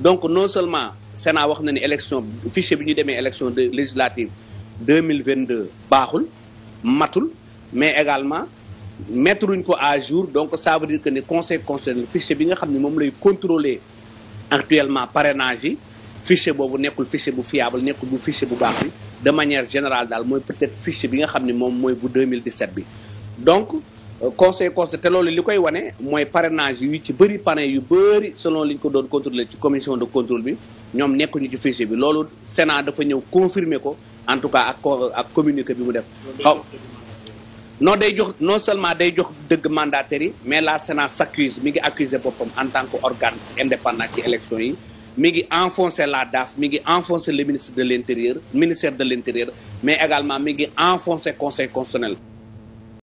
donc non seulement cena wax na ni élection fichier bi ñu demee élection de législative deux mille vingt deux baaxul matul mais également mettruñ ko à jour donc ça veut dire que ni conseil constitutionnel fichier bi nga xam ni moom lay contrôler actuellement parrainage yi fichier boobu nekkul fichier bu fiable nekkul bu fichier bu baax bi de manière générale daal mooy peut-être fichier bi nga xam ne moom mooy bu 2017 bi donc conseil constaté loolu li koy wane mooy parrainage yu ci bëri parrain yu bëri selon li ñu ko doon contrôler ci commission de contrôle bi ñoom nekkuñu ci fichier bi loolu Sénat dafa ñëw confirmer ko en tout cas ak ak communiqué bi mu def xaw non day jox non seulement day jox dëgg mandataires yi mais la Sénat s'accuse mi ngi accuser boppam en tant que organe indépendant ci élection yi mi ngi enfoncer la DAF mi ngi enfoncer le ministre de l'intérieur ministère de l'intérieur mais également mi ngi enfoncer conseil constitutionnel